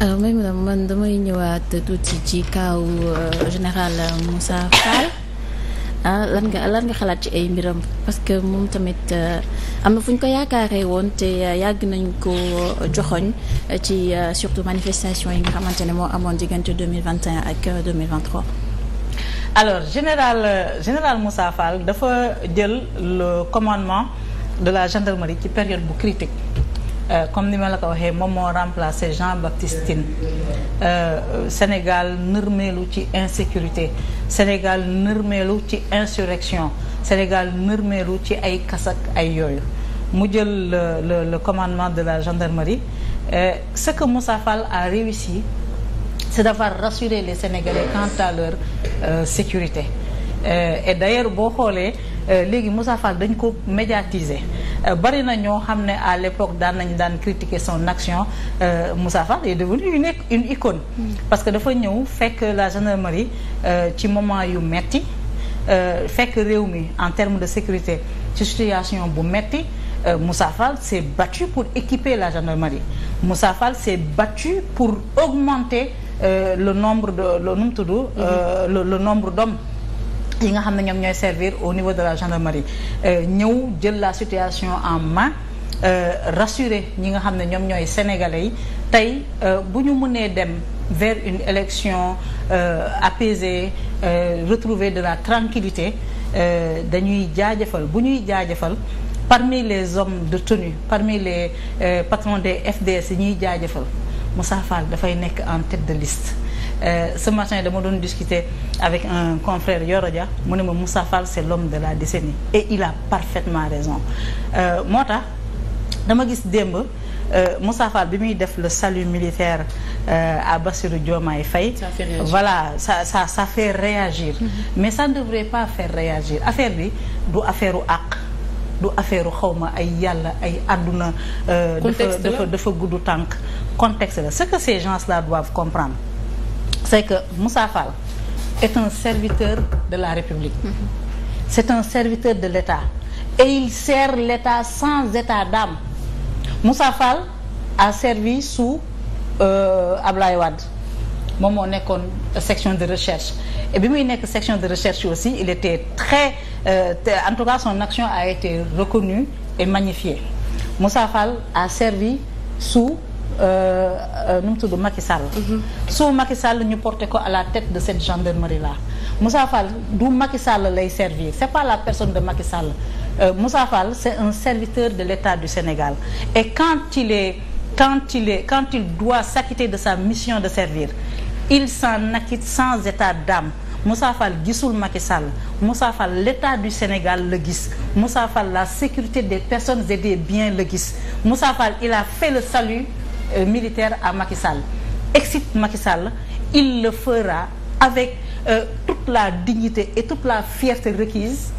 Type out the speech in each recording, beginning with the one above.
alors euh, may man damay ñëwaat tuuti ci kaaw euh, général euh, Moussa Fall ah, lan nga lan nga xalaat ci ay mbiram parce que moom tamit am na fu ñu ko yaakaaree woon te yàgg nañ ko joxoñ ci surtout manifestation yi nga xamante ne moo amoon diggante 2021 ak 2023 alors général général Moussa Fall dafa jël le commandement de la gendarmerie ci période bu critique Euh, comme ni ma la ko waxee moom moo remplacé Jean Baptiste Tine euh, Sénégal nërmeelu ci insécurité Sénégal nërmeelu ci insurrection Sénégal nërmeelu ci ay kasak ay yooyu mu jël le commandement de la gendarmerie euh, ce que Moussa Fall a réussi c'est d'avoir rassurer les Sénégalais quant à leur sécurité et d'ailleurs boo xoolee Euh, léegi Moussa Fall dañ ko médiatiser euh, bari na ñoo xam ne à l'époque daan nañ daan critiquer son action euh, Moussa Fall est devenu une une icône mm. parce que dafa ñëw fekk la gendarmerie ci moment yu metti fekk réew mi en terme de sécurité ci situation bu metti Moussa Fall s'est battu pour équiper la gendarmerie Moussa Fall s'est battu pour augmenter le nombre de le nu mu tudd mm-hmm. le nombre d'hommes yi nga xam ne ñoom ñooy servir au niveau de la gendarmerie euh, ñëw jël la situation en main euh, rassurer ñi nga xam ne ñoom ñooy sénégalais yi tey euh, bu ñu mënee dem vers une élection apaisée retrouver de la tranquillité dañuy jaajëfal bu ñuy jaajëfal parmi les hommes de tenue parmi les patrons des FDS yi ñuy jaajëfal Moussa Fall dafay nekk en tête de liste Euh, ce matin dama doon discuter avec un confrère Yoro Dia mu ne ma Moussa Fall c'est l'homme de la décennie et il a parfaitement raison euh, moo tax dama gis démb euh, Moussa bi muy def le salut militaire à Bassirou Diomaye Faye voilà ça sa ça fait réagir mm-hmm. mais ça ne devrait pas faire réagir affaire bi du affaire u àq du affaire xawma ay yàlla ay àdduna dafa dafa dafa gudd tànk contexte la ce que ces gens là doivent comprendre c'est que Moussa Fall est un serviteur de la République mm c'est un serviteur de l'État et il sert l'État sans état d'âme Moussa Fall a servi sous euh, Ablaye Wade moom moo nekkoon section de recherche et bi muy nekk section de recherche aussi il était très euh, en tout cas son action a été reconnue et magnifiée Moussa Fall a servi sous Euh, euh, nu mu tudd Macky Sall. Mhm. sous Macky Sall ñu porté ko à la tête de cette gendarmerie là Moussa Fall du Macky Sall lay servir c'est pas la personne de Macky Sall euh, Moussa Fall c'est un serviteur de l'État du Sénégal et quand il est quand il est quand doit s'acquitter de sa mission de servir il s'en acquitte sans état d'âme Moussa Fall gisul Macky Sall Moussa Fall l'état du Sénégal le gis Moussa la sécurité des personnes et des biens le gis Moussa il a fait le salut Euh, militaire à Macky Sall excite Macky Sall il le fera avec euh, toute la dignité et toute la fierté requise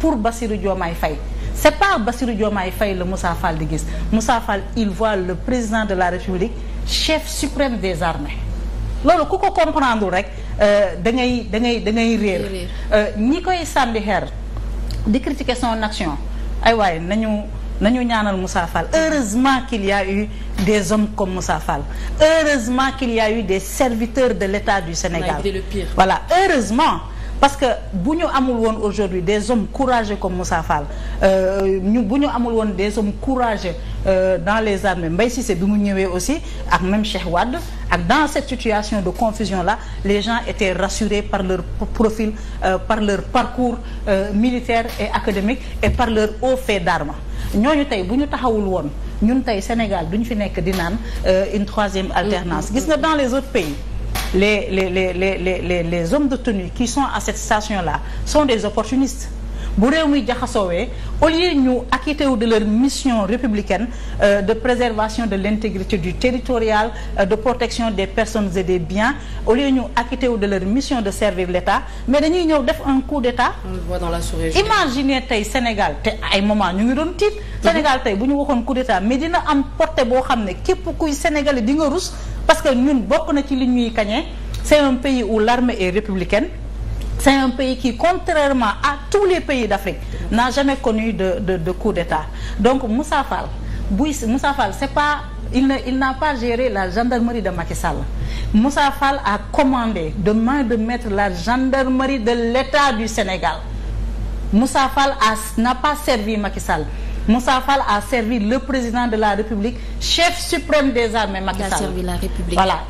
pour Bassirou Diomaye Faye c'est pas Bassirou Diomaye fay la Moussa Fall di gis Moussa Fall il voit le président de la République chef suprême des armées loolu ku ko comprendre rek euh, da ngay da ngay da ngay réer euh, ñi koy sànni xeer di critiquer son action ay waaye nañu nañu ñaanal Moussa Fall heureusement qu'il y a eu des hommes comme Moussa Fall heureusement qu'il y a eu des serviteurs de l'État du Sénégal. On a évité le pire. voilà heureusement. parce que bu ñu amul woon aujourd'hui des hommes courageux comme Moussa Fall euh, ñu bu ñu amul woon des hommes courageux euh, dans les armées Mbaye Cissé bi mu ñëwee aussi ak même Cheikh Wade ak dans cette situation de confusion là les gens étaient rassurés par leur profil euh, par leur parcours euh, militaire et académique et par leur haut fait d'armes ñooñu tey bu ñu taxawul woon ñun tey Sénégal ñu fi nekk di naan euh, une troisième alternance mm-hmm. gis nga dans les autres pays les les les les les les les hommes de tenue qui sont à cette station là sont des opportunistes bu réew mi jaxasoowee au lieu ñu acquitté wu de leur mission républicaine euh, de préservation de l'intégrité du territorial euh, de protection des personnes et des biens au lieu ñu acquitté wu de leur mission de servir l'État mais dañuy ñëw def un coup d'État. on le voit dans la sous-région. imaginez tey Sénégal te ay moment ñu ngi doon tiit. Mhm. Sénégal tey bu ñu waxoon coup d'État mais dina am portée boo xam ne képp kuy sénégalais di nga rus. parce que ñun bokk na ci li ñuy kañee c'est un pays où l'armée est républicaine c'est un pays qui contrairement à tous les pays d'Afrique n'a jamais connu de de de coup d'État donc Moussa Fall buy Moussa Fall c'est pas il ne il n'a pas géré la gendarmerie de Macky Sall Moussa Fall a commandé de main de maître la gendarmerie de l'État du Sénégal Moussa Fall n'a pas servi Macky Moussa Fall a servi le président de la République chef suprême des armées Macky Sall.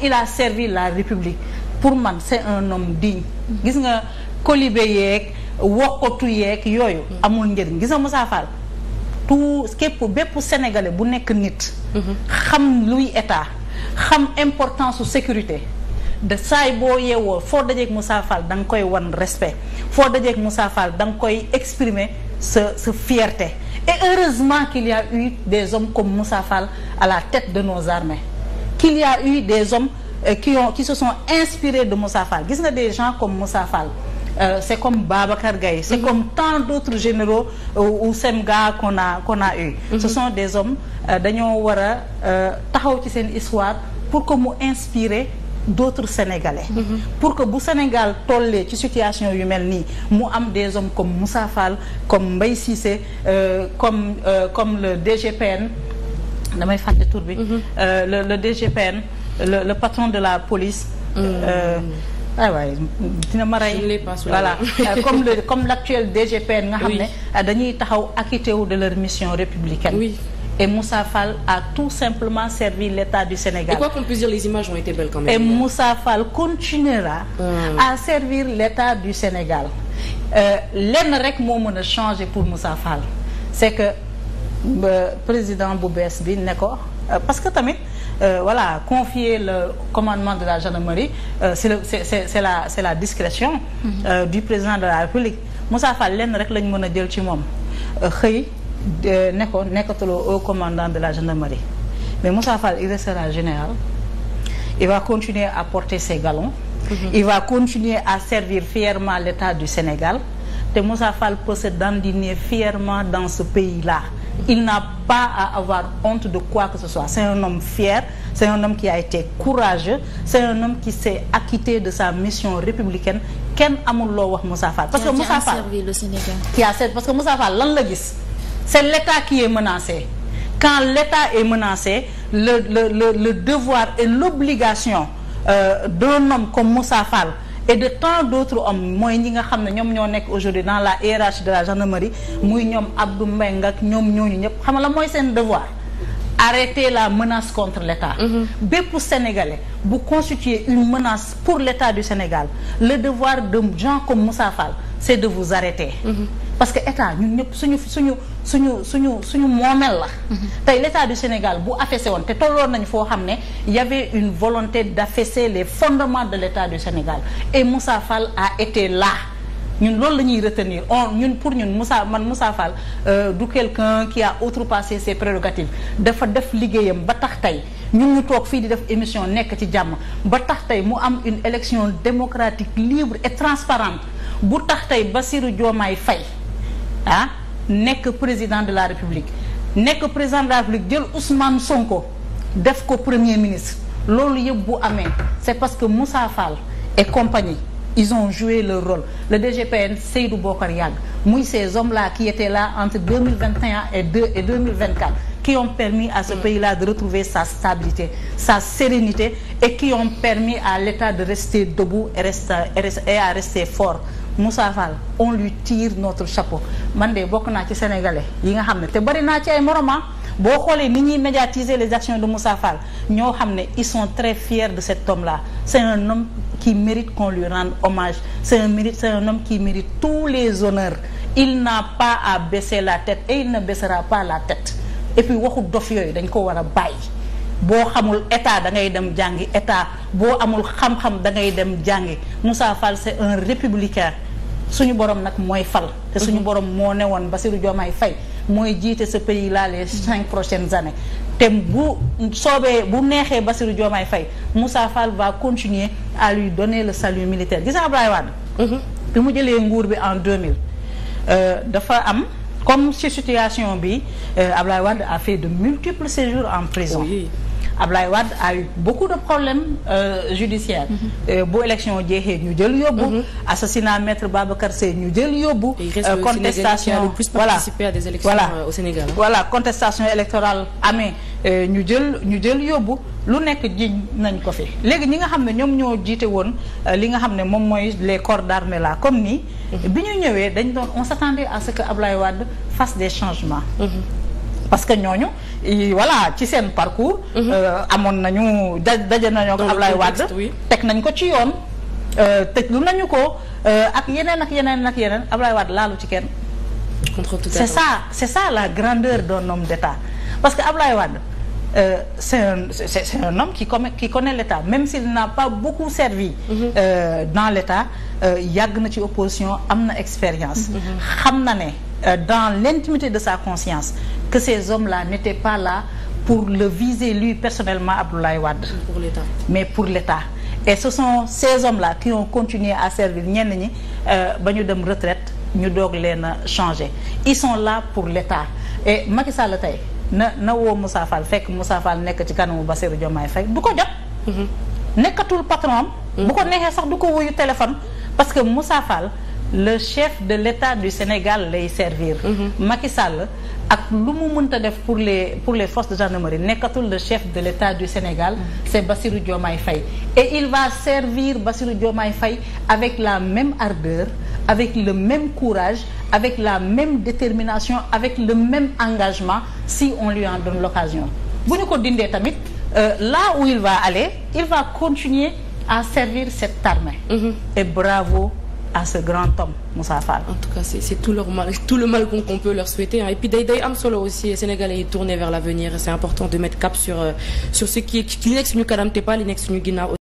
il a servi la République voilà la République pour man c'est un homme digne. gis nga kolibé yeeg wokkatu yeeg yooyu. amul njëriñ gis nga Moussa Fall tout képp bépp sénégalais bu nekk nit. xam luy état xam importance su sécurité. de saay boo yeewoo foo dajeeg Moussa Fall da nga koy wan respect foo dajeeg Moussa Fall da nga koy exprimer sa sa fierte e heureusement qu'il y eu des hommes comme Moussa Fall à la tête de nos armées. Qu'il y eu des hommes euh, qui, ont, qui se sont inspirés de Moussa Fall. Gis nga des gens comme Moussa Fall. Euh, c'est comme Babacar Gaye c'est mm -hmm. comme tant d'autres généraux euh, ou Semga qu'on a qu'on a eu. Mm -hmm. des hommes euh, dañoo war a taxaw ci seen histoire pour que mu inspirer d'autres Sénégalais. Mm-hmm. pour que bu Sénégal tollee ci situation yu mel nii mu am des hommes comme Moussa Fall comme Mbaye Cissé euh, comme euh, comme le DGPN damay fàtte tour bi. Mm-hmm. Euh, le le DGPN le le patron de la police. Mm -hmm. euh, ah waay dina ma rey voilà euh, comme le comme l'actuel DGPN nga xam ne euh, dañuy taxaw acquitté wu de leur mission républicaine. Oui. Et Moussa fal a tout simplement servi l'État du Sénégal. Et quoi qu'on puisse dire, les images ont été belles quand même. Moussa Fall continuera hum. Euh. à servir l'État du Sénégal. Euh, lenn rek moo mën a changer pour Moussa fal c'est que euh, président bu bees bi ne ko parce que tamit euh, voilà confier le commandement de la gendarmerie euh, c'est le c'est c'est c'est la c'est la discrétion mm-hmm. euh, du président de la République Moussa Fall lenn rek lañ mën a jël ci moom xëy ne ko nekkatuloo au commandant de la gendarmerie mais Moussa Fall il restera général il va continuer à porter ses galons mhm. il va continuer à servir fièrement l'État du Sénégal te Moussa Fall peut se dandiner fièrement dans ce pays-là il n'a pas à avoir honte de quoi que ce soit c'est un homme fier c'est un homme qui a été courageux c'est un homme qui s'est acquitté de sa mission républicaine kenn amul loo wax parce que Moussa Fall a servi le Sénégal qui lan la gis c'est l'État qui est menacé quand l'État est menacé le le le le devoir et l'obligation euh, d'un homme comme Moussa Fall et de tant d'autres hommes mooy ñi nga xam ne ñoom ñoo nekk aujourd'hui dans la hiérarchie de la gendarmerie muy ñoom Abdou Mbengue ak ñoom ñooñu ñëpp xam nga la mooy seen devoir arrêter la menace contre l'État mm-hmm. bépp mm -hmm. sénégalais bu constituer une menace pour l'État du Sénégal le devoir de gens comme Moussa Fall c'est de vous arrêter mm-hmm. parce que état ñun ñëpp suñu suñu suñu suñu suñu moomeel la. Mhm. tey létat état du Sénégal bu affaissé woon te tolloon nañu foo xam ne y' une volonté d' affaisser les fondements de l' du Sénégal et Moussa Fall a été là ñun loolu la ñuy retenir on ñun pour ñun Moussa man Moussa Fall euh, du quelqu'un qui a outrepassé ses prérogatives dafa def liggéeyam ba tax tey. ñun ñu toog fii di def émission nekk ci jàmm ba tax tey mu am une élection démocratique libre et transparente bu tax tey Bassirou Diomaye Faye ah nekk président de la république nekk président de la république jël Ousmane Sonko def ko premier ministre loolu yëpp bu amee c'est parce que Moussa fal et compagnie ils ont joué leur rôle le DGPN Seydou Bokar Yàgg muy ces hommes là qui étaient là entre 2021 et 2 et 2024 qui ont permis à ce mm. pays là de retrouver sa stabilité sa sérénité et qui ont permis à l'État de rester debout et, et à rester fort Moussa Fall on lui tire notre chapeau man de bokk naa ci sénégalais yi nga xam ne te bari naa ci ay moroma ah. boo xoolee ni ñuy médiatiser les actions de Moussa Fall ñoo xam ne ils sont très fiers de cet homme là c'est un homme qui mérite qu'on lui rende hommage c'est un mérite tous les honneurs il n'a pas à baisser la tête et il ne baissera pas la tête et puis waxu dof yooyu dañ ko war a bàyyi boo xamul état da ngay dem jàngi état boo amul xam-xam da ngay dem jàngi Moussa Fall c'est un républicain suñu borom nag mooy fal te suñu mhm. borom moo ne woon Bassirou Diomaye Faye mooy jiite sa pays là les cinq prochaines années te bu soobee bu neexee Bassirou Diomaye fay Moussa Fall va continuer à lui donner le salut militaire gis nga Abdoulaye Wade mhm. bi mu jëlee nguur bi en 2000 euh, dafa am comme si situation bi euh, Abdoulaye Wade a fait de multiples séjours en prison oui. Ablaye Wade a eu beaucoup de problèmes euh, mm-hmm. euh bu élection jeexee ñu jël yóbbu. Mm-hmm. assassinat maître Babacar Sèye ñu jël yóbbu. wala euh, voilà voilà euh, voilà contestation électorale amee ñu jël ñu jël yóbbu. lu nekk jiñ nañ ko fi léegi ñi nga xam ne ñoom ñoo jiite woon li nga xam ne moom mooy les corps d'armée là comme nii. Mm-hmm. bi ñu ñëwee dañ doon on s'attendait à que Ablaye Wade fasse des changements. parce que ñooñu voilà ci seen parcours. Mhm. Euh, amoon nañu da daje nañoo ak Ablaye Wade teg nañ ko ci yoon. Euh, tëj lu nañu ko euh, ak yeneen ak yeneen ak yeneen Ablaye Wade laalu ci kenn. contre c'est ça c'est ça la grandeur d'un homme d'État parce que Ablaye Wade euh, c'est un c'est, c'est un homme qui connaît l'État même s'il n'a pas beaucoup servi. Mhm. dans l'État yàgg na ci opposition am na expérience. Mhm. xam na ne. Euh, dans l'intimité de sa conscience que ces hommes-là n'étaient pas là pour le viser lui personnellement Abdoulaye Wade mais pour l'État et ce sont ces hommes-là qui ont continué à servir ñenn ñi euh, ba ñu dem retraite ñu doog leen a changer ils sont là pour l'État et Macky Sall tey na na woo Moussa fekk Moussa Fall nekk ci kanamu Bassirou Diomaye Faye du ko jot mhm. nekkatul patron am mhm. bu ko neexee sax du ko wuyu téléphone parce que Moussa Fall le chef de l'État du Sénégal lay servir. Mhm. Macky Sall ak lu mu mënta def pour les pour les forces de gendarmerie nekkatul le chef de l'État du Sénégal. Mhm. c'est Bassirou Diomaye Faye et il va servir Bassirou Diomaye Faye avec la même ardeur avec le même courage avec la même détermination avec le même engagement si on lui en donne l'occasion bu ñu ko dindee tamit euh, là où il va aller il va continuer à servir cette armée. Mhm. et bravo. à ce grand homme Moussa Fall. en tout cas c'est tout leur mal tout le mal qu'on peut leur souhaiter et puis day day aussi sénégalais yi tourné vers l'avenir c'est important de mettre cap sur euh, ce qui qui nekk suñu kanam te pas li nekk suñu ginnaaw.